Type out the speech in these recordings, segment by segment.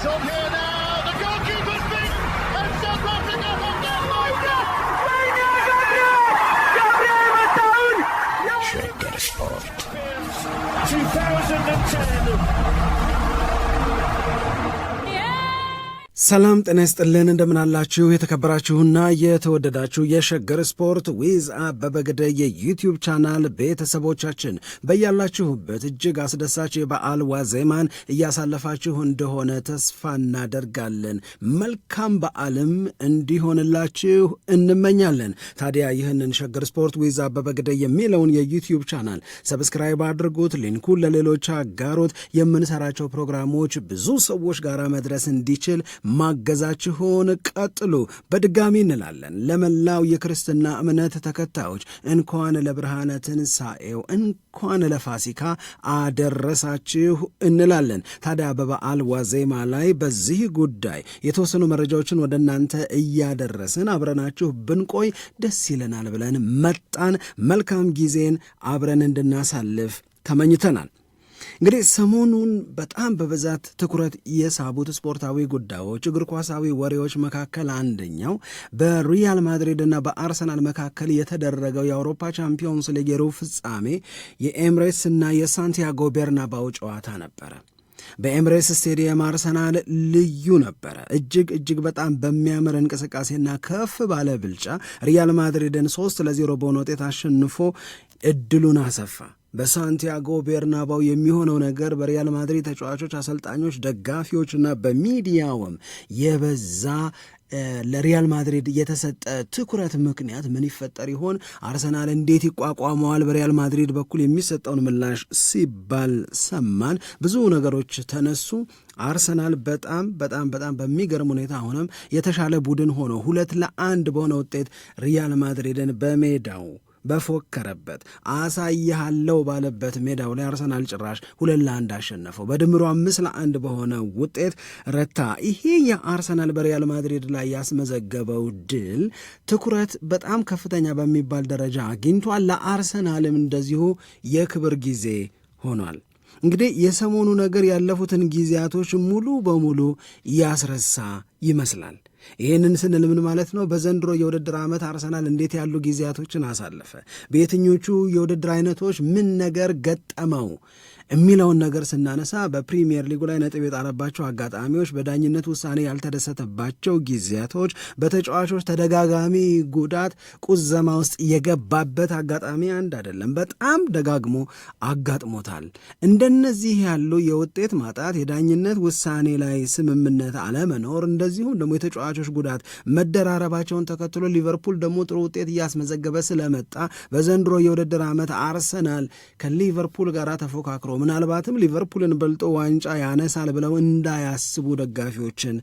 It's on here. ሰላም ጤና ይስጥልን እንደምናላችሁ የተከበራችሁና የተወደዳችሁ የሸገር ስፖርት ዊዝ አበበ ግደይ የዩትዩብ ቻናል ቤተሰቦቻችን በያላችሁበት እጅግ አስደሳች የበዓል ዋዜማን እያሳለፋችሁ እንደሆነ ተስፋ እናደርጋለን። መልካም በዓልም እንዲሆንላችሁ እንመኛለን። ታዲያ ይህንን ሸገር ስፖርት ዊዝ አበበ ግደይ የሚለውን የዩትዩብ ቻናል ሰብስክራይብ አድርጉት፣ ሊንኩን ለሌሎች አጋሩት። የምንሰራቸው ፕሮግራሞች ብዙ ሰዎች ጋር መድረስ እንዲችል ማገዛችሁን ቀጥሉ። በድጋሚ እንላለን ለመላው የክርስትና እምነት ተከታዮች እንኳን ለብርሃነ ትንሣኤው እንኳን ለፋሲካ አደረሳችሁ እንላለን። ታዲያ በበዓል ዋዜማ ላይ በዚህ ጉዳይ የተወሰኑ መረጃዎችን ወደ እናንተ እያደረስን አብረናችሁ ብንቆይ ደስ ይለናል ብለን መጣን። መልካም ጊዜን አብረን እንድናሳልፍ ተመኝተናል። እንግዲህ ሰሞኑን በጣም በብዛት ትኩረት የሳቡት ስፖርታዊ ጉዳዮች፣ እግር ኳሳዊ ወሬዎች መካከል አንደኛው በሪያል ማድሪድ እና በአርሰናል መካከል የተደረገው የአውሮፓ ቻምፒዮንስ ሊግ የሩብ ፍጻሜ የኤምሬትስ እና የሳንቲያጎ ቤርናባው ጨዋታ ነበረ። በኤምሬስ ስቴዲየም አርሰናል ልዩ ነበረ። እጅግ እጅግ በጣም በሚያምር እንቅስቃሴና ከፍ ባለ ብልጫ ሪያል ማድሪድን ሶስት ለዜሮ በሆነ ውጤት አሸንፎ እድሉን አሰፋ። በሳንቲያጎ ቤርናባው የሚሆነው ነገር በሪያል ማድሪድ ተጫዋቾች፣ አሰልጣኞች፣ ደጋፊዎችና በሚዲያውም የበዛ ለሪያል ማድሪድ የተሰጠ ትኩረት ምክንያት ምን ይፈጠር ይሆን? አርሰናል እንዴት ይቋቋመዋል? በሪያል ማድሪድ በኩል የሚሰጠውን ምላሽ ሲባል ሰማን። ብዙ ነገሮች ተነሱ። አርሰናል በጣም በጣም በጣም በሚገርም ሁኔታ አሁንም የተሻለ ቡድን ሆኖ ሁለት ለአንድ በሆነ ውጤት ሪያል ማድሪድን በሜዳው በፎከረበት አሳይሃለው ባለበት ሜዳው ላይ አርሰናል ጭራሽ ሁለት ለአንድ አሸነፈው። በድምሩ አምስት ለአንድ በሆነ ውጤት ረታ። ይሄ የአርሰናል በሪያል ማድሪድ ላይ ያስመዘገበው ድል ትኩረት በጣም ከፍተኛ በሚባል ደረጃ አግኝቷል። ለአርሰናልም እንደዚሁ የክብር ጊዜ ሆኗል። እንግዲህ የሰሞኑ ነገር ያለፉትን ጊዜያቶች ሙሉ በሙሉ ያስረሳ ይመስላል። ይህንን ስንል ምን ማለት ነው? በዘንድሮ የውድድር ዓመት አርሰናል እንዴት ያሉ ጊዜያቶችን አሳለፈ? በየትኞቹ የውድድር አይነቶች ምን ነገር ገጠመው? የሚለውን ነገር ስናነሳ በፕሪሚየር ሊጉ ላይ ነጥብ የጣለባቸው አጋጣሚዎች፣ በዳኝነት ውሳኔ ያልተደሰተባቸው ጊዜያቶች፣ በተጫዋቾች ተደጋጋሚ ጉዳት ቁዘማ ውስጥ የገባበት አጋጣሚ አንድ አይደለም፣ በጣም ደጋግሞ አጋጥሞታል። እንደነዚህ ያሉ የውጤት ማጣት፣ የዳኝነት ውሳኔ ላይ ስምምነት አለመኖር፣ እንደዚሁም ደግሞ የተጫዋቾች ጉዳት መደራረባቸውን ተከትሎ ሊቨርፑል ደግሞ ጥሩ ውጤት እያስመዘገበ ስለመጣ በዘንድሮ የውድድር ዓመት አርሰናል ከሊቨርፑል ጋር ተፎካክሮ ምናልባትም ሊቨርፑልን በልጦ ዋንጫ ያነሳል ብለው እንዳያስቡ ደጋፊዎችን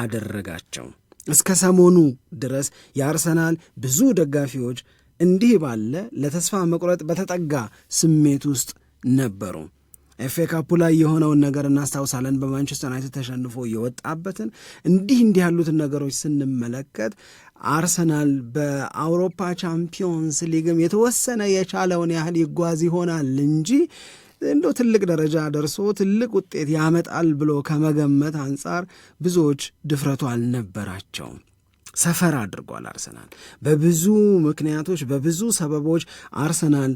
አደረጋቸው። እስከ ሰሞኑ ድረስ የአርሰናል ብዙ ደጋፊዎች እንዲህ ባለ ለተስፋ መቁረጥ በተጠጋ ስሜት ውስጥ ነበሩ። ኤፍ ኤ ካፑ ላይ የሆነውን ነገር እናስታውሳለን። በማንቸስተር ዩናይትድ ተሸንፎ የወጣበትን እንዲህ እንዲህ ያሉትን ነገሮች ስንመለከት አርሰናል በአውሮፓ ቻምፒዮንስ ሊግም የተወሰነ የቻለውን ያህል ይጓዝ ይሆናል እንጂ እንደው ትልቅ ደረጃ ደርሶ ትልቅ ውጤት ያመጣል ብሎ ከመገመት አንጻር ብዙዎች ድፍረቱ አልነበራቸውም። ሰፈር አድርጓል አርሰናል። በብዙ ምክንያቶች በብዙ ሰበቦች አርሰናል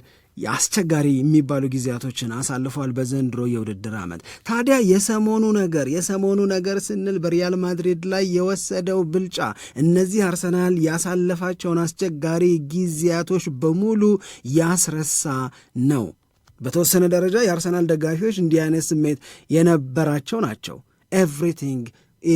አስቸጋሪ የሚባሉ ጊዜያቶችን አሳልፏል በዘንድሮ የውድድር ዓመት። ታዲያ የሰሞኑ ነገር የሰሞኑ ነገር ስንል በሪያል ማድሪድ ላይ የወሰደው ብልጫ እነዚህ አርሰናል ያሳለፋቸውን አስቸጋሪ ጊዜያቶች በሙሉ ያስረሳ ነው። በተወሰነ ደረጃ የአርሰናል ደጋፊዎች እንዲህ አይነት ስሜት የነበራቸው ናቸው። ኤቭሪቲንግ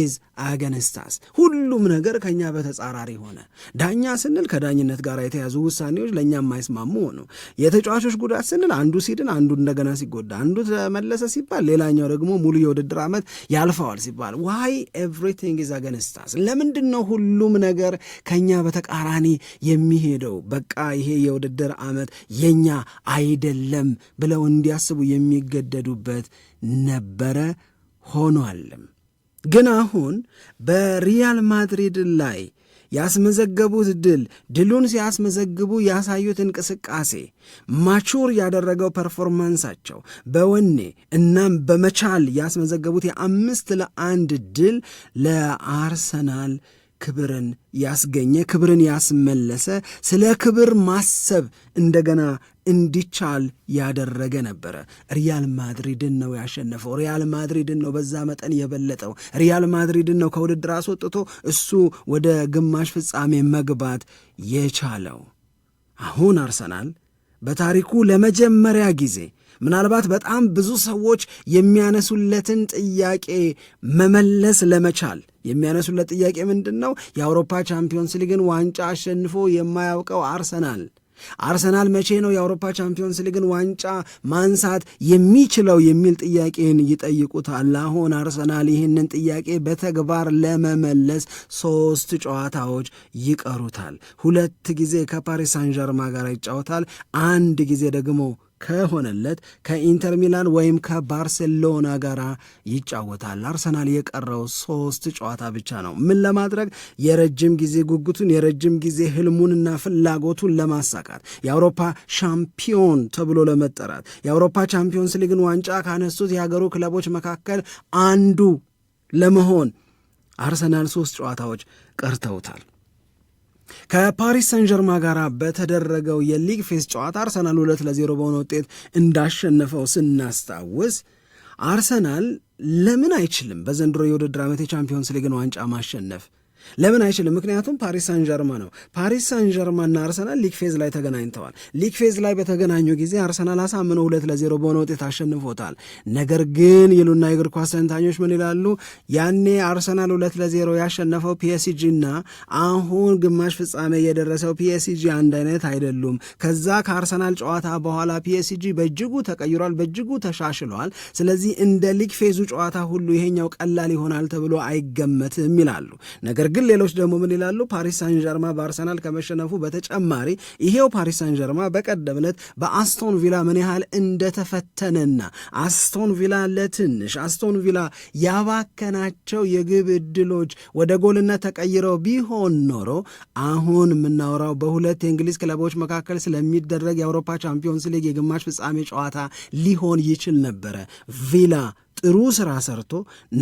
ኢዝ አገንስታስ ሁሉም ነገር ከእኛ በተጻራሪ ሆነ። ዳኛ ስንል ከዳኝነት ጋር የተያዙ ውሳኔዎች ለእኛ የማይስማሙ ሆኑ። የተጫዋቾች ጉዳት ስንል አንዱ ሲድን፣ አንዱ እንደገና ሲጎዳ፣ አንዱ ተመለሰ ሲባል ሌላኛው ደግሞ ሙሉ የውድድር ዓመት ያልፈዋል ሲባል ዋይ ኤቭሪቲንግ ኢዝ አገንስታስ። ለምንድን ነው ሁሉም ነገር ከእኛ በተቃራኒ የሚሄደው? በቃ ይሄ የውድድር ዓመት የእኛ አይደለም ብለው እንዲያስቡ የሚገደዱበት ነበረ ሆኗልም። ግን አሁን በሪያል ማድሪድ ላይ ያስመዘገቡት ድል ድሉን ሲያስመዘግቡ ያሳዩት እንቅስቃሴ ማቹር ያደረገው ፐርፎርማንሳቸው በወኔ እናም በመቻል ያስመዘገቡት የአምስት ለአንድ ድል ለአርሰናል ክብርን ያስገኘ ክብርን ያስመለሰ ስለ ክብር ማሰብ እንደገና እንዲቻል ያደረገ ነበረ። ሪያል ማድሪድን ነው ያሸነፈው። ሪያል ማድሪድን ነው በዛ መጠን የበለጠው። ሪያል ማድሪድን ነው ከውድድር አስወጥቶ እሱ ወደ ግማሽ ፍጻሜ መግባት የቻለው። አሁን አርሰናል በታሪኩ ለመጀመሪያ ጊዜ ምናልባት በጣም ብዙ ሰዎች የሚያነሱለትን ጥያቄ መመለስ ለመቻል የሚያነሱለት ጥያቄ ምንድን ነው? የአውሮፓ ቻምፒዮንስ ሊግን ዋንጫ አሸንፎ የማያውቀው አርሰናል አርሰናል መቼ ነው የአውሮፓ ቻምፒዮንስ ሊግን ዋንጫ ማንሳት የሚችለው የሚል ጥያቄን ይጠይቁታል። አሁን አርሰናል ይህንን ጥያቄ በተግባር ለመመለስ ሶስት ጨዋታዎች ይቀሩታል። ሁለት ጊዜ ከፓሪስ ሳንጀርማ ጋር ይጫወታል። አንድ ጊዜ ደግሞ ከሆነለት ከኢንተር ሚላን ወይም ከባርሴሎና ጋር ይጫወታል። አርሰናል የቀረው ሶስት ጨዋታ ብቻ ነው። ምን ለማድረግ የረጅም ጊዜ ጉጉቱን የረጅም ጊዜ ህልሙንና ፍላጎቱን ለማሳካት የአውሮፓ ሻምፒዮን ተብሎ ለመጠራት የአውሮፓ ቻምፒዮንስ ሊግን ዋንጫ ካነሱት የሀገሩ ክለቦች መካከል አንዱ ለመሆን አርሰናል ሶስት ጨዋታዎች ቀርተውታል። ከፓሪስ ሰንጀርማ ጋር በተደረገው የሊግ ፌስ ጨዋታ አርሰናል ሁለት ለዜሮ በሆነ ውጤት እንዳሸነፈው ስናስታውስ አርሰናል ለምን አይችልም በዘንድሮ የውድድር ዓመት የቻምፒዮንስ ሊግን ዋንጫ ማሸነፍ ለምን አይችልም? ምክንያቱም ፓሪስ ሳን ጀርማ ነው። ፓሪስ ሳን ጀርማና አርሰናል ሊግ ፌዝ ላይ ተገናኝተዋል። ሊግ ፌዝ ላይ በተገናኙ ጊዜ አርሰናል አሳምነው ሁለት ለዜሮ በሆነ ውጤት አሸንፎታል። ነገር ግን ይሉና የእግር ኳስ ተንታኞች ምን ይላሉ? ያኔ አርሰናል ሁለት ለዜሮ ያሸነፈው ፒኤስጂ እና አሁን ግማሽ ፍጻሜ የደረሰው ፒኤስጂ አንድ አይነት አይደሉም። ከዛ ከአርሰናል ጨዋታ በኋላ ፒኤስጂ በእጅጉ ተቀይሯል፣ በእጅጉ ተሻሽሏል። ስለዚህ እንደ ሊግ ፌዙ ጨዋታ ሁሉ ይሄኛው ቀላል ይሆናል ተብሎ አይገመትም ይላሉ ነገር ግን ሌሎች ደግሞ ምን ይላሉ? ፓሪስ ሳን ጀርማ በአርሰናል ከመሸነፉ በተጨማሪ ይሄው ፓሪስ ሳን ጀርማ በቀደም ዕለት በአስቶን ቪላ ምን ያህል እንደተፈተነና አስቶን ቪላ ለትንሽ አስቶን ቪላ ያባከናቸው የግብ እድሎች ወደ ጎልነት ተቀይረው ቢሆን ኖሮ አሁን የምናወራው በሁለት የእንግሊዝ ክለቦች መካከል ስለሚደረግ የአውሮፓ ቻምፒዮንስ ሊግ የግማሽ ፍጻሜ ጨዋታ ሊሆን ይችል ነበረ ቪላ ጥሩ ስራ ሰርቶ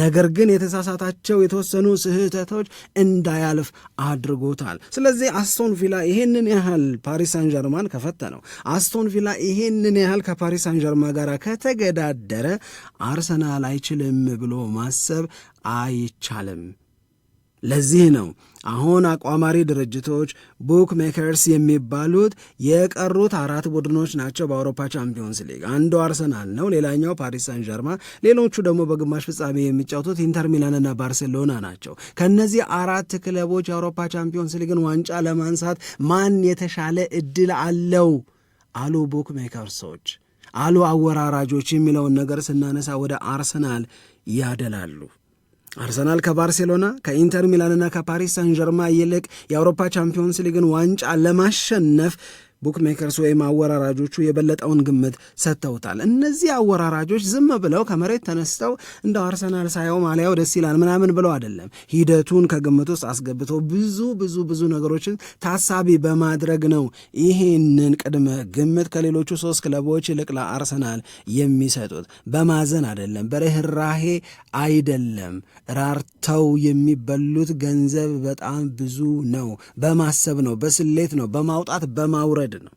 ነገር ግን የተሳሳታቸው የተወሰኑ ስህተቶች እንዳያልፍ አድርጎታል። ስለዚህ አስቶን ቪላ ይሄንን ያህል ፓሪስ ሳን ጀርማን ከፈተነው፣ አስቶን ቪላ ይሄንን ያህል ከፓሪስ ሳን ጀርማ ጋር ከተገዳደረ አርሰናል አይችልም ብሎ ማሰብ አይቻልም። ለዚህ ነው አሁን አቋማሪ ድርጅቶች ቡክ ሜከርስ የሚባሉት የቀሩት አራት ቡድኖች ናቸው። በአውሮፓ ቻምፒዮንስ ሊግ አንዱ አርሰናል ነው፣ ሌላኛው ፓሪስ ሳን ጀርማ፣ ሌሎቹ ደግሞ በግማሽ ፍጻሜ የሚጫወቱት ኢንተር ሚላንና ባርሴሎና ናቸው። ከእነዚህ አራት ክለቦች የአውሮፓ ቻምፒዮንስ ሊግን ዋንጫ ለማንሳት ማን የተሻለ እድል አለው አሉ ቡክ ሜከርሶች አሉ አወራራጆች የሚለውን ነገር ስናነሳ ወደ አርሰናል ያደላሉ። አርሰናል ከባርሴሎና ከኢንተር ሚላንና ከፓሪስ ሳን ጀርማ ይልቅ የአውሮፓ ቻምፒዮንስ ሊግን ዋንጫ ለማሸነፍ ቡክሜከርስ ወይም አወራራጆቹ የበለጠውን ግምት ሰጥተውታል። እነዚህ አወራራጆች ዝም ብለው ከመሬት ተነስተው እንደው አርሰናል ሳየው ማሊያው ደስ ይላል ምናምን ብለው አይደለም። ሂደቱን ከግምት ውስጥ አስገብቶ ብዙ ብዙ ብዙ ነገሮችን ታሳቢ በማድረግ ነው ይህንን ቅድመ ግምት ከሌሎቹ ሶስት ክለቦች ይልቅ ለአርሰናል የሚሰጡት። በማዘን አይደለም፣ በርህራሄ አይደለም። ራርተው የሚበሉት ገንዘብ በጣም ብዙ ነው። በማሰብ ነው፣ በስሌት ነው፣ በማውጣት በማውረድ የሚያዋርድ ነው።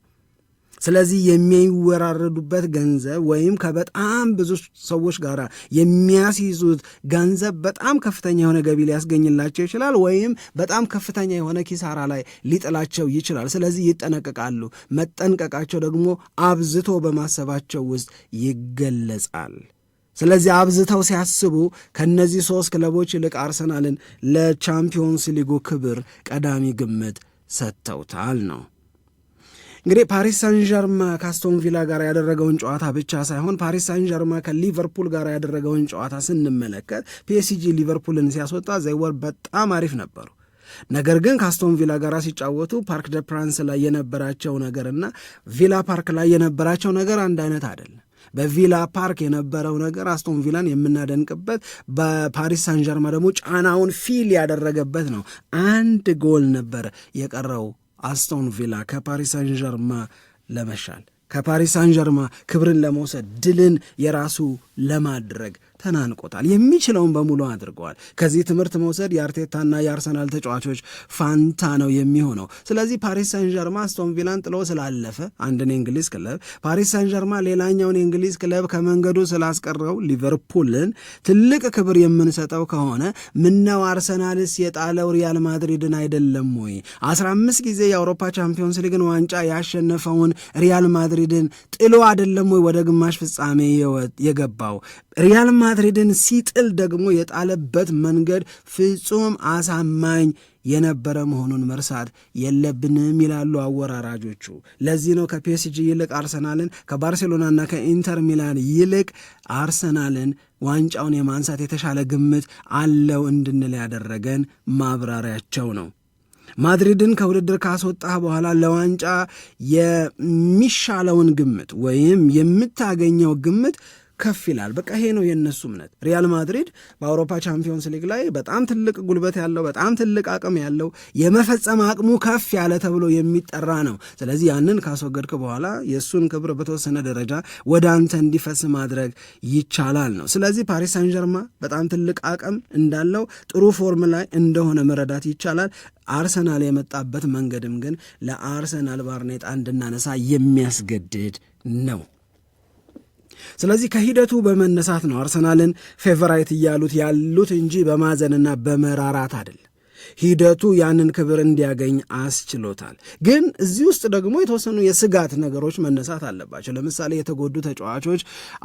ስለዚህ የሚወራረዱበት ገንዘብ ወይም ከበጣም ብዙ ሰዎች ጋር የሚያስይዙት ገንዘብ በጣም ከፍተኛ የሆነ ገቢ ሊያስገኝላቸው ይችላል፣ ወይም በጣም ከፍተኛ የሆነ ኪሳራ ላይ ሊጥላቸው ይችላል። ስለዚህ ይጠነቀቃሉ። መጠንቀቃቸው ደግሞ አብዝቶ በማሰባቸው ውስጥ ይገለጻል። ስለዚህ አብዝተው ሲያስቡ ከእነዚህ ሶስት ክለቦች ይልቅ አርሰናልን ለቻምፒዮንስ ሊጉ ክብር ቀዳሚ ግምት ሰጥተውታል ነው እንግዲህ ፓሪስ ሳን ዠርማ ካስቶን ቪላ ጋር ያደረገውን ጨዋታ ብቻ ሳይሆን ፓሪስ ሳን ዠርማ ከሊቨርፑል ጋር ያደረገውን ጨዋታ ስንመለከት ፒኤስጂ ሊቨርፑልን ሲያስወጣ ዘይወር በጣም አሪፍ ነበሩ። ነገር ግን ካስቶን ቪላ ጋር ሲጫወቱ ፓርክ ደ ፕራንስ ላይ የነበራቸው ነገርና ቪላ ፓርክ ላይ የነበራቸው ነገር አንድ አይነት አይደለም። በቪላ ፓርክ የነበረው ነገር አስቶን ቪላን የምናደንቅበት በፓሪስ ሳንጀርማ ደግሞ ጫናውን ፊል ያደረገበት ነው። አንድ ጎል ነበር የቀረው አስቶን ቪላ ከፓሪስ ሳን ለመሻል ከፓሪስ ሳን ክብርን ለመውሰድ ድልን የራሱ ለማድረግ ተናንቆታል። የሚችለውን በሙሉ አድርገዋል። ከዚህ ትምህርት መውሰድ የአርቴታና የአርሰናል ተጫዋቾች ፋንታ ነው የሚሆነው። ስለዚህ ፓሪስ ሳን ጀርማ አስቶን ቪላን ጥሎ ስላለፈ አንድን የእንግሊዝ ክለብ ፓሪስ ሳን ጀርማ ሌላኛውን የእንግሊዝ ክለብ ከመንገዱ ስላስቀረው ሊቨርፑልን ትልቅ ክብር የምንሰጠው ከሆነ ምነው አርሰናልስ የጣለው ሪያል ማድሪድን አይደለም ወይ? አስራ ጊዜ የአውሮፓ ቻምፒዮንስ ሊግን ዋንጫ ያሸነፈውን ሪያል ማድሪድን ጥሎ አይደለም ወይ ወደ ግማሽ ፍጻሜ የገባው ሪያል ማድሪድን ሲጥል ደግሞ የጣለበት መንገድ ፍጹም አሳማኝ የነበረ መሆኑን መርሳት የለብንም ይላሉ አወራራጆቹ። ለዚህ ነው ከፒኤስጂ ይልቅ አርሰናልን ከባርሴሎናና ከኢንተር ሚላን ይልቅ አርሰናልን ዋንጫውን የማንሳት የተሻለ ግምት አለው እንድንል ያደረገን ማብራሪያቸው ነው። ማድሪድን ከውድድር ካስወጣህ በኋላ ለዋንጫ የሚሻለውን ግምት ወይም የምታገኘው ግምት ከፍ ይላል። በቃ ይሄ ነው የእነሱ እምነት። ሪያል ማድሪድ በአውሮፓ ቻምፒዮንስ ሊግ ላይ በጣም ትልቅ ጉልበት ያለው በጣም ትልቅ አቅም ያለው የመፈጸም አቅሙ ከፍ ያለ ተብሎ የሚጠራ ነው። ስለዚህ ያንን ካስወገድክ በኋላ የእሱን ክብር በተወሰነ ደረጃ ወደ አንተ እንዲፈስ ማድረግ ይቻላል ነው። ስለዚህ ፓሪስ ሳን ጀርማ በጣም ትልቅ አቅም እንዳለው ጥሩ ፎርም ላይ እንደሆነ መረዳት ይቻላል። አርሰናል የመጣበት መንገድም ግን ለአርሰናል ባርኔጣ እንድናነሳ የሚያስገድድ ነው። ስለዚህ ከሂደቱ በመነሳት ነው አርሰናልን ፌቨራይት እያሉት ያሉት እንጂ በማዘንና በመራራት አይደለም። ሂደቱ ያንን ክብር እንዲያገኝ አስችሎታል። ግን እዚህ ውስጥ ደግሞ የተወሰኑ የስጋት ነገሮች መነሳት አለባቸው። ለምሳሌ የተጎዱ ተጫዋቾች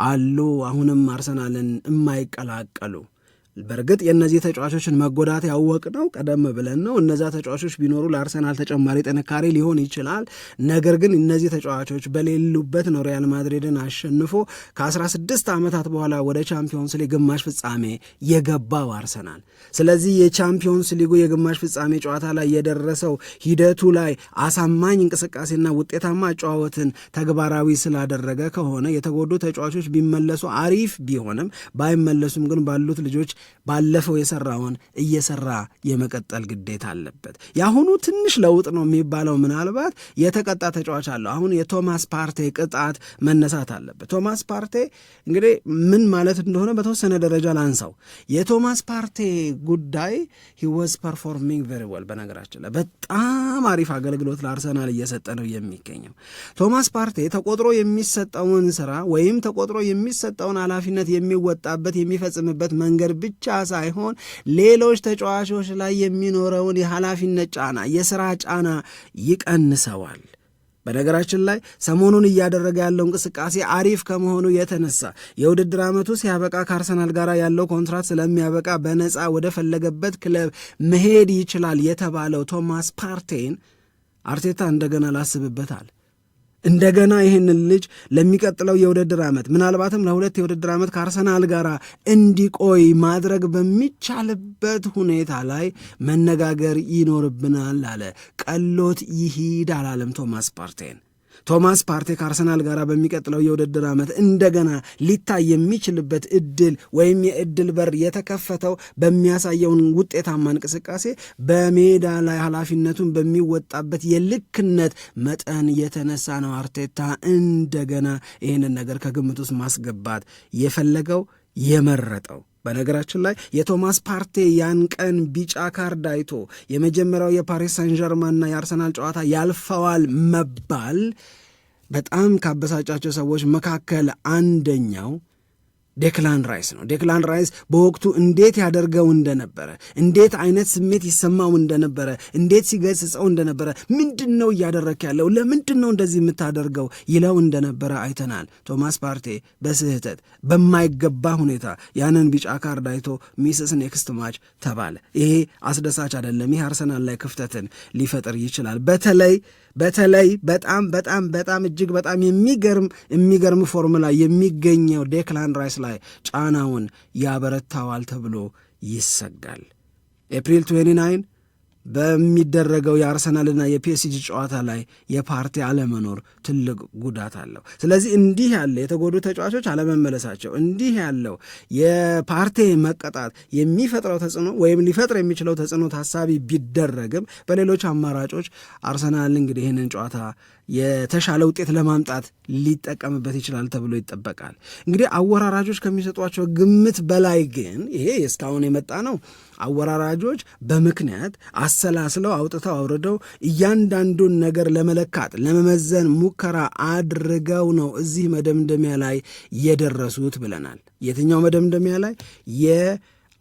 አሉ፣ አሁንም አርሰናልን የማይቀላቀሉ በእርግጥ የእነዚህ ተጫዋቾችን መጎዳት ያወቅ ነው ቀደም ብለን ነው። እነዛ ተጫዋቾች ቢኖሩ ለአርሰናል ተጨማሪ ጥንካሬ ሊሆን ይችላል። ነገር ግን እነዚህ ተጫዋቾች በሌሉበት ነው ሪያል ማድሪድን አሸንፎ ከ16 ዓመታት በኋላ ወደ ቻምፒዮንስ ሊግ ግማሽ ፍጻሜ የገባው አርሰናል። ስለዚህ የቻምፒዮንስ ሊጉ የግማሽ ፍጻሜ ጨዋታ ላይ የደረሰው ሂደቱ ላይ አሳማኝ እንቅስቃሴና ውጤታማ ጨዋወትን ተግባራዊ ስላደረገ ከሆነ የተጎዱ ተጫዋቾች ቢመለሱ አሪፍ ቢሆንም ባይመለሱም ግን ባሉት ልጆች ባለፈው የሰራውን እየሰራ የመቀጠል ግዴታ አለበት። የአሁኑ ትንሽ ለውጥ ነው የሚባለው ምናልባት የተቀጣ ተጫዋች አለው። አሁን የቶማስ ፓርቴ ቅጣት መነሳት አለበት። ቶማስ ፓርቴ እንግዲህ ምን ማለት እንደሆነ በተወሰነ ደረጃ ላንሳው። የቶማስ ፓርቴ ጉዳይ ሂወዝ ፐርፎርሚንግ ቨሪ ወል፣ በነገራችን ላይ በጣም አሪፍ አገልግሎት ለአርሰናል እየሰጠ ነው የሚገኘው። ቶማስ ፓርቴ ተቆጥሮ የሚሰጠውን ስራ ወይም ተቆጥሮ የሚሰጠውን ኃላፊነት የሚወጣበት የሚፈጽምበት መንገድ ብቻ ሳይሆን ሌሎች ተጫዋቾች ላይ የሚኖረውን የኃላፊነት ጫና፣ የስራ ጫና ይቀንሰዋል። በነገራችን ላይ ሰሞኑን እያደረገ ያለው እንቅስቃሴ አሪፍ ከመሆኑ የተነሳ የውድድር ዓመቱ ሲያበቃ ከአርሰናል ጋር ያለው ኮንትራት ስለሚያበቃ በነፃ ወደ ፈለገበት ክለብ መሄድ ይችላል የተባለው ቶማስ ፓርቴን አርቴታ እንደገና ላስብበታል እንደገና ይህንን ልጅ ለሚቀጥለው የውድድር ዓመት ምናልባትም ለሁለት የውድድር ዓመት ከአርሰናል ጋር እንዲቆይ ማድረግ በሚቻልበት ሁኔታ ላይ መነጋገር ይኖርብናል አለ። ቀሎት ይሂድ አላለም ቶማስ ፓርቴን። ቶማስ ፓርቴ ከአርሰናል ጋር በሚቀጥለው የውድድር ዓመት እንደገና ሊታይ የሚችልበት እድል ወይም የእድል በር የተከፈተው በሚያሳየውን ውጤታማ እንቅስቃሴ በሜዳ ላይ ኃላፊነቱን በሚወጣበት የልክነት መጠን የተነሳ ነው። አርቴታ እንደገና ይህንን ነገር ከግምት ውስጥ ማስገባት የፈለገው የመረጠው በነገራችን ላይ የቶማስ ፓርቴ ያን ቀን ቢጫ ካርድ አይቶ የመጀመሪያው የፓሪስ ሳን ጀርማንና የአርሰናል ጨዋታ ያልፈዋል መባል በጣም ካበሳጫቸው ሰዎች መካከል አንደኛው ዴክላን ራይስ ነው። ዴክላን ራይስ በወቅቱ እንዴት ያደርገው እንደነበረ፣ እንዴት አይነት ስሜት ይሰማው እንደነበረ፣ እንዴት ሲገስጸው እንደነበረ፣ ምንድን ነው እያደረክ ያለው ለምንድን ነው እንደዚህ የምታደርገው ይለው እንደነበረ አይተናል። ቶማስ ፓርቴ በስህተት በማይገባ ሁኔታ ያንን ቢጫ ካርድ አይቶ ሚስስ ኔክስት ማች ተባለ። ይሄ አስደሳች አይደለም። ይህ አርሰናል ላይ ክፍተትን ሊፈጥር ይችላል በተለይ በተለይ በጣም በጣም በጣም እጅግ በጣም የሚገርም የሚገርም ፎርም ላይ የሚገኘው ዴክላን ራይስ ላይ ጫናውን ያበረታዋል ተብሎ ይሰጋል። ኤፕሪል 29 በሚደረገው የአርሰናልና የፒኤስጂ ጨዋታ ላይ የፓርቲ አለመኖር ትልቅ ጉዳት አለው። ስለዚህ እንዲህ ያለ የተጎዱ ተጫዋቾች አለመመለሳቸው፣ እንዲህ ያለው የፓርቲ መቀጣት የሚፈጥረው ተጽዕኖ ወይም ሊፈጥር የሚችለው ተጽዕኖ ታሳቢ ቢደረግም በሌሎች አማራጮች አርሰናል እንግዲህ ይህንን ጨዋታ የተሻለ ውጤት ለማምጣት ሊጠቀምበት ይችላል ተብሎ ይጠበቃል። እንግዲህ አወራራጆች ከሚሰጧቸው ግምት በላይ ግን ይሄ እስካሁን የመጣ ነው። አወራራጆች በምክንያት አሰላስለው አውጥተው አውርደው እያንዳንዱን ነገር ለመለካት ለመመዘን ሙከራ አድርገው ነው እዚህ መደምደሚያ ላይ የደረሱት ብለናል። የትኛው መደምደሚያ ላይ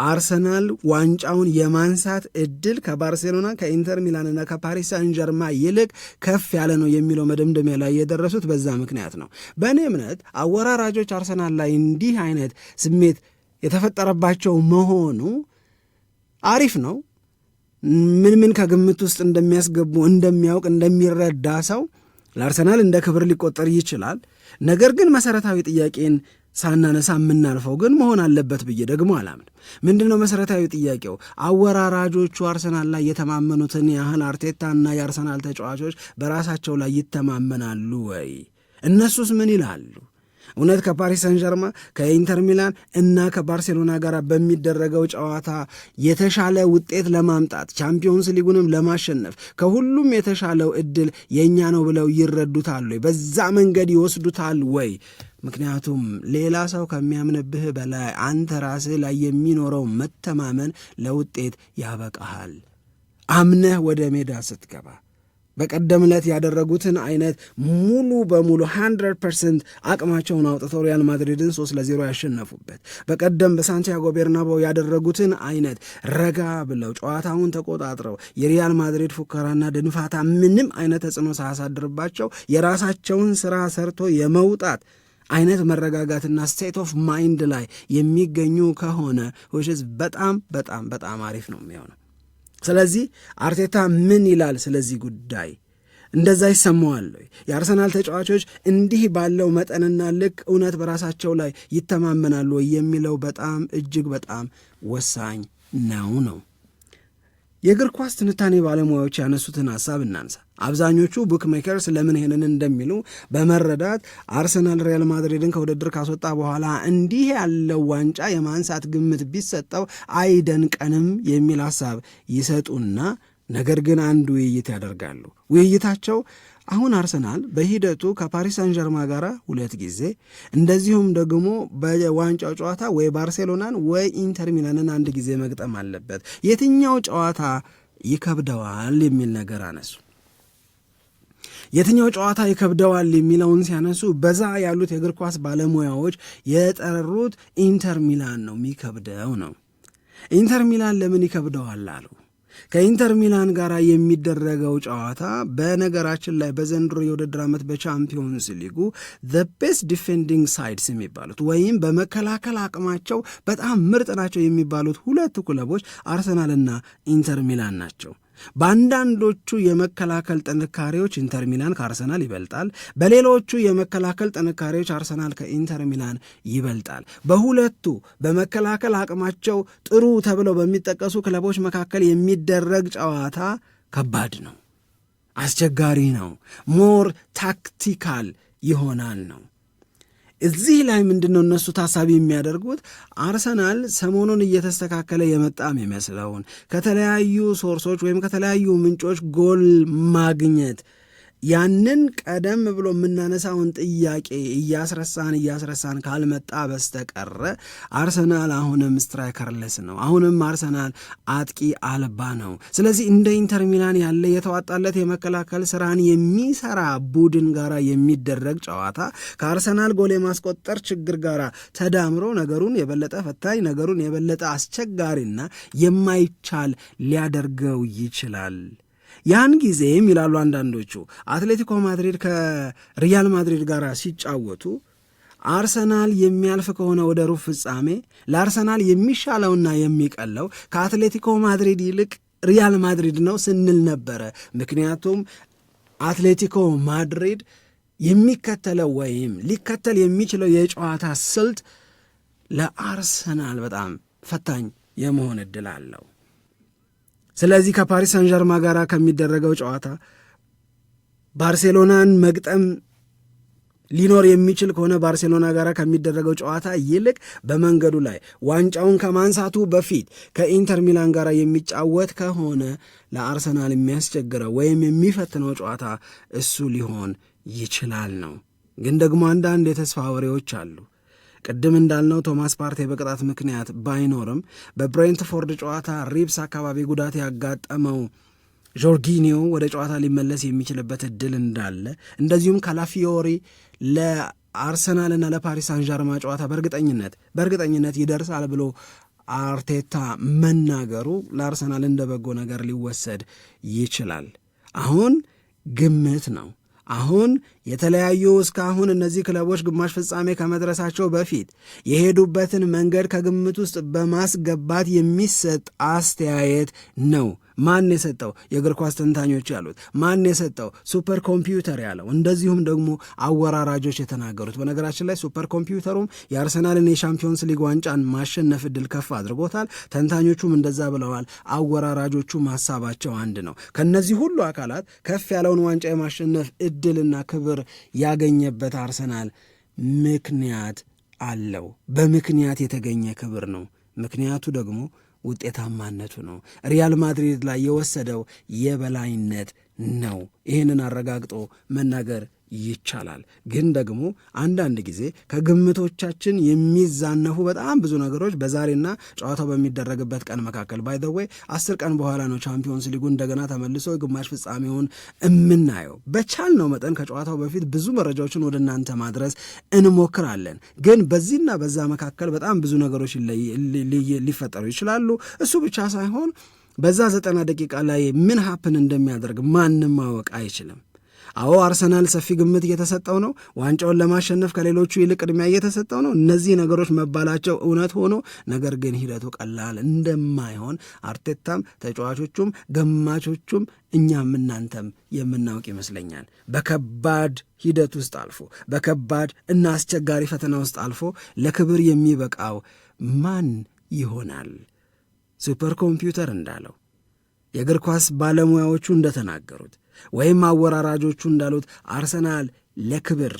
አርሰናል ዋንጫውን የማንሳት እድል ከባርሴሎና ከኢንተር ሚላንና ከፓሪስ ሳን ጀርማ ይልቅ ከፍ ያለ ነው የሚለው መደምደሚያ ላይ የደረሱት በዛ ምክንያት ነው። በእኔ እምነት አወራራጆች አርሰናል ላይ እንዲህ አይነት ስሜት የተፈጠረባቸው መሆኑ አሪፍ ነው። ምን ምን ከግምት ውስጥ እንደሚያስገቡ እንደሚያውቅ እንደሚረዳ ሰው ለአርሰናል እንደ ክብር ሊቆጠር ይችላል። ነገር ግን መሰረታዊ ጥያቄን ሳናነሳ የምናልፈው ግን መሆን አለበት ብዬ ደግሞ አላምን። ምንድን ነው መሰረታዊ ጥያቄው? አወራራጆቹ አርሰናል ላይ የተማመኑትን ያህል አርቴታና የአርሰናል ተጫዋቾች በራሳቸው ላይ ይተማመናሉ ወይ? እነሱስ ምን ይላሉ? እውነት ከፓሪስ ሰን ጀርማ ከኢንተር ሚላን እና ከባርሴሎና ጋር በሚደረገው ጨዋታ የተሻለ ውጤት ለማምጣት ቻምፒዮንስ ሊጉንም ለማሸነፍ ከሁሉም የተሻለው እድል የእኛ ነው ብለው ይረዱታል ወይ? በዛ መንገድ ይወስዱታል ወይ? ምክንያቱም ሌላ ሰው ከሚያምንብህ በላይ አንተ ራስህ ላይ የሚኖረው መተማመን ለውጤት ያበቃሃል አምነህ ወደ ሜዳ ስትገባ በቀደም ዕለት ያደረጉትን አይነት ሙሉ በሙሉ 100 ፐርሰንት አቅማቸውን አውጥተው ሪያል ማድሪድን 3 ለ0 ያሸነፉበት በቀደም በሳንቲያጎ ቤርናባው ያደረጉትን አይነት ረጋ ብለው ጨዋታውን ተቆጣጥረው የሪያል ማድሪድ ፉከራና ድንፋታ ምንም አይነት ተጽዕኖ ሳያሳድርባቸው የራሳቸውን ስራ ሰርቶ የመውጣት አይነት መረጋጋትና ስቴት ኦፍ ማይንድ ላይ የሚገኙ ከሆነ ውሽዝ በጣም በጣም በጣም አሪፍ ነው የሚሆነው። ስለዚህ አርቴታ ምን ይላል ስለዚህ ጉዳይ? እንደዛ ይሰማዋል። የአርሰናል ተጫዋቾች እንዲህ ባለው መጠንና ልክ እውነት በራሳቸው ላይ ይተማመናሉ ወይ የሚለው በጣም እጅግ በጣም ወሳኝ ነው ነው የእግር ኳስ ትንታኔ ባለሙያዎች ያነሱትን ሀሳብ እናንሳ። አብዛኞቹ ቡክሜከርስ ለምን ይህንን እንደሚሉ በመረዳት አርሰናል ሪያል ማድሪድን ከውድድር ካስወጣ በኋላ እንዲህ ያለው ዋንጫ የማንሳት ግምት ቢሰጠው አይደንቀንም የሚል ሀሳብ ይሰጡና ነገር ግን አንድ ውይይት ያደርጋሉ። ውይይታቸው አሁን አርሰናል በሂደቱ ከፓሪስ አንጀርማ ጋር ሁለት ጊዜ እንደዚሁም ደግሞ በዋንጫው ጨዋታ ወይ ባርሴሎናን ወይ ኢንተር ሚላንን አንድ ጊዜ መግጠም አለበት። የትኛው ጨዋታ ይከብደዋል የሚል ነገር አነሱ። የትኛው ጨዋታ ይከብደዋል የሚለውን ሲያነሱ በዛ ያሉት የእግር ኳስ ባለሙያዎች የጠሩት ኢንተር ሚላን ነው የሚከብደው ነው። ኢንተር ሚላን ለምን ይከብደዋል አሉ። ከኢንተር ሚላን ጋር የሚደረገው ጨዋታ በነገራችን ላይ በዘንድሮ የውድድር ዓመት በቻምፒዮንስ ሊጉ ዘ ቤስት ዲፌንዲንግ ሳይድስ የሚባሉት ወይም በመከላከል አቅማቸው በጣም ምርጥ ናቸው የሚባሉት ሁለቱ ክለቦች አርሰናልና ኢንተር ሚላን ናቸው። በአንዳንዶቹ የመከላከል ጥንካሬዎች ኢንተር ሚላን ከአርሰናል ይበልጣል። በሌሎቹ የመከላከል ጥንካሬዎች አርሰናል ከኢንተር ሚላን ይበልጣል። በሁለቱ በመከላከል አቅማቸው ጥሩ ተብለው በሚጠቀሱ ክለቦች መካከል የሚደረግ ጨዋታ ከባድ ነው፣ አስቸጋሪ ነው፣ ሞር ታክቲካል ይሆናል ነው እዚህ ላይ ምንድን ነው እነሱ ታሳቢ የሚያደርጉት አርሰናል ሰሞኑን እየተስተካከለ የመጣ የሚመስለውን ከተለያዩ ሶርሶች ወይም ከተለያዩ ምንጮች ጎል ማግኘት ያንን ቀደም ብሎ የምናነሳውን ጥያቄ እያስረሳን እያስረሳን ካልመጣ በስተቀረ አርሰናል አሁንም ስትራይከርለስ ነው። አሁንም አርሰናል አጥቂ አልባ ነው። ስለዚህ እንደ ኢንተር ሚላን ያለ የተዋጣለት የመከላከል ስራን የሚሰራ ቡድን ጋራ የሚደረግ ጨዋታ ከአርሰናል ጎል የማስቆጠር ችግር ጋር ተዳምሮ ነገሩን የበለጠ ፈታኝ፣ ነገሩን የበለጠ አስቸጋሪና የማይቻል ሊያደርገው ይችላል። ያን ጊዜም ይላሉ አንዳንዶቹ አትሌቲኮ ማድሪድ ከሪያል ማድሪድ ጋር ሲጫወቱ አርሰናል የሚያልፍ ከሆነ ወደ ሩብ ፍጻሜ ለአርሰናል የሚሻለውና የሚቀለው ከአትሌቲኮ ማድሪድ ይልቅ ሪያል ማድሪድ ነው ስንል ነበረ። ምክንያቱም አትሌቲኮ ማድሪድ የሚከተለው ወይም ሊከተል የሚችለው የጨዋታ ስልት ለአርሰናል በጣም ፈታኝ የመሆን እድል አለው። ስለዚህ ከፓሪስ ሳንጀርማ ጋር ከሚደረገው ጨዋታ ባርሴሎናን መግጠም ሊኖር የሚችል ከሆነ ባርሴሎና ጋር ከሚደረገው ጨዋታ ይልቅ በመንገዱ ላይ ዋንጫውን ከማንሳቱ በፊት ከኢንተር ሚላን ጋር የሚጫወት ከሆነ ለአርሰናል የሚያስቸግረው ወይም የሚፈትነው ጨዋታ እሱ ሊሆን ይችላል ነው። ግን ደግሞ አንዳንድ የተስፋ ወሬዎች አሉ። ቅድም እንዳልነው ቶማስ ፓርቴ በቅጣት ምክንያት ባይኖርም በብሬንትፎርድ ጨዋታ ሪብስ አካባቢ ጉዳት ያጋጠመው ጆርጊኒዮ ወደ ጨዋታ ሊመለስ የሚችልበት እድል እንዳለ እንደዚሁም ካላፊዮሪ ለአርሰናልና ለፓሪስ አንዣርማ ጨዋታ በእርግጠኝነት በእርግጠኝነት ይደርሳል ብሎ አርቴታ መናገሩ ለአርሰናል እንደ በጎ ነገር ሊወሰድ ይችላል። አሁን ግምት ነው። አሁን የተለያዩ እስካሁን እነዚህ ክለቦች ግማሽ ፍጻሜ ከመድረሳቸው በፊት የሄዱበትን መንገድ ከግምት ውስጥ በማስገባት የሚሰጥ አስተያየት ነው። ማን የሰጠው? የእግር ኳስ ተንታኞች ያሉት ማን የሰጠው? ሱፐር ኮምፒውተር ያለው እንደዚሁም ደግሞ አወራራጆች የተናገሩት። በነገራችን ላይ ሱፐር ኮምፒውተሩም የአርሰናልን የሻምፒዮንስ ሊግ ዋንጫን ማሸነፍ እድል ከፍ አድርጎታል። ተንታኞቹም እንደዛ ብለዋል። አወራራጆቹ ማሳባቸው አንድ ነው። ከነዚህ ሁሉ አካላት ከፍ ያለውን ዋንጫ የማሸነፍ እድልና ክብር ያገኘበት አርሰናል ምክንያት አለው። በምክንያት የተገኘ ክብር ነው። ምክንያቱ ደግሞ ውጤታማነቱ ነው። ሪያል ማድሪድ ላይ የወሰደው የበላይነት ነው። ይህንን አረጋግጦ መናገር ይቻላል። ግን ደግሞ አንዳንድ ጊዜ ከግምቶቻችን የሚዛነፉ በጣም ብዙ ነገሮች በዛሬና ጨዋታው በሚደረግበት ቀን መካከል ባይዘወይ አስር ቀን በኋላ ነው ቻምፒዮንስ ሊጉ እንደገና ተመልሶ ግማሽ ፍጻሜውን የምናየው። በቻልነው መጠን ከጨዋታው በፊት ብዙ መረጃዎችን ወደ እናንተ ማድረስ እንሞክራለን። ግን በዚህና በዛ መካከል በጣም ብዙ ነገሮች ሊፈጠሩ ይችላሉ። እሱ ብቻ ሳይሆን በዛ ዘጠና ደቂቃ ላይ ምን ሀፕን እንደሚያደርግ ማንም ማወቅ አይችልም። አዎ አርሰናል ሰፊ ግምት እየተሰጠው ነው፣ ዋንጫውን ለማሸነፍ ከሌሎቹ ይልቅ ቅድሚያ እየተሰጠው ነው። እነዚህ ነገሮች መባላቸው እውነት ሆኖ ነገር ግን ሂደቱ ቀላል እንደማይሆን አርቴታም ተጫዋቾቹም ገማቾቹም እኛም እናንተም የምናውቅ ይመስለኛል። በከባድ ሂደት ውስጥ አልፎ በከባድ እና አስቸጋሪ ፈተና ውስጥ አልፎ ለክብር የሚበቃው ማን ይሆናል? ሱፐር ኮምፒውተር እንዳለው የእግር ኳስ ባለሙያዎቹ እንደተናገሩት ወይም አወራራጆቹ እንዳሉት አርሰናል ለክብር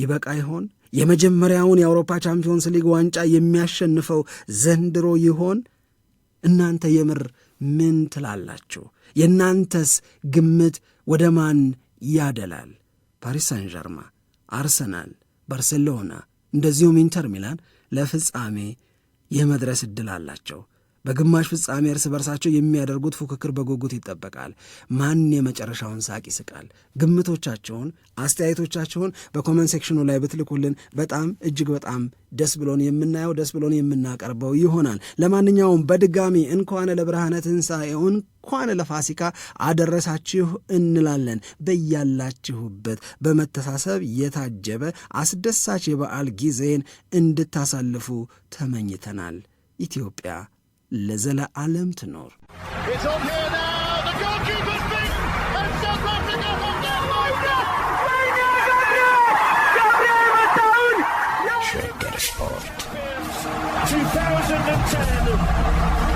ይበቃ ይሆን? የመጀመሪያውን የአውሮፓ ቻምፒዮንስ ሊግ ዋንጫ የሚያሸንፈው ዘንድሮ ይሆን? እናንተ የምር ምን ትላላችሁ? የእናንተስ ግምት ወደ ማን ያደላል? ፓሪስ ሳን ዠርማ፣ አርሰናል፣ ባርሴሎና እንደዚሁም ኢንተር ሚላን ለፍጻሜ የመድረስ ዕድል አላቸው። በግማሽ ፍጻሜ እርስ በርሳቸው የሚያደርጉት ፉክክር በጉጉት ይጠበቃል። ማን የመጨረሻውን ሳቅ ይስቃል? ግምቶቻቸውን፣ አስተያየቶቻቸውን በኮመንት ሴክሽኑ ላይ ብትልኩልን በጣም እጅግ በጣም ደስ ብሎን የምናየው ደስ ብሎን የምናቀርበው ይሆናል። ለማንኛውም በድጋሚ እንኳን ለብርሃነ ትንሣኤው እንኳን ለፋሲካ አደረሳችሁ እንላለን። በያላችሁበት በመተሳሰብ የታጀበ አስደሳች የበዓል ጊዜን እንድታሳልፉ ተመኝተናል። ኢትዮጵያ ለዘለዓለም ትኖር። ሸገር ስፖርት 2010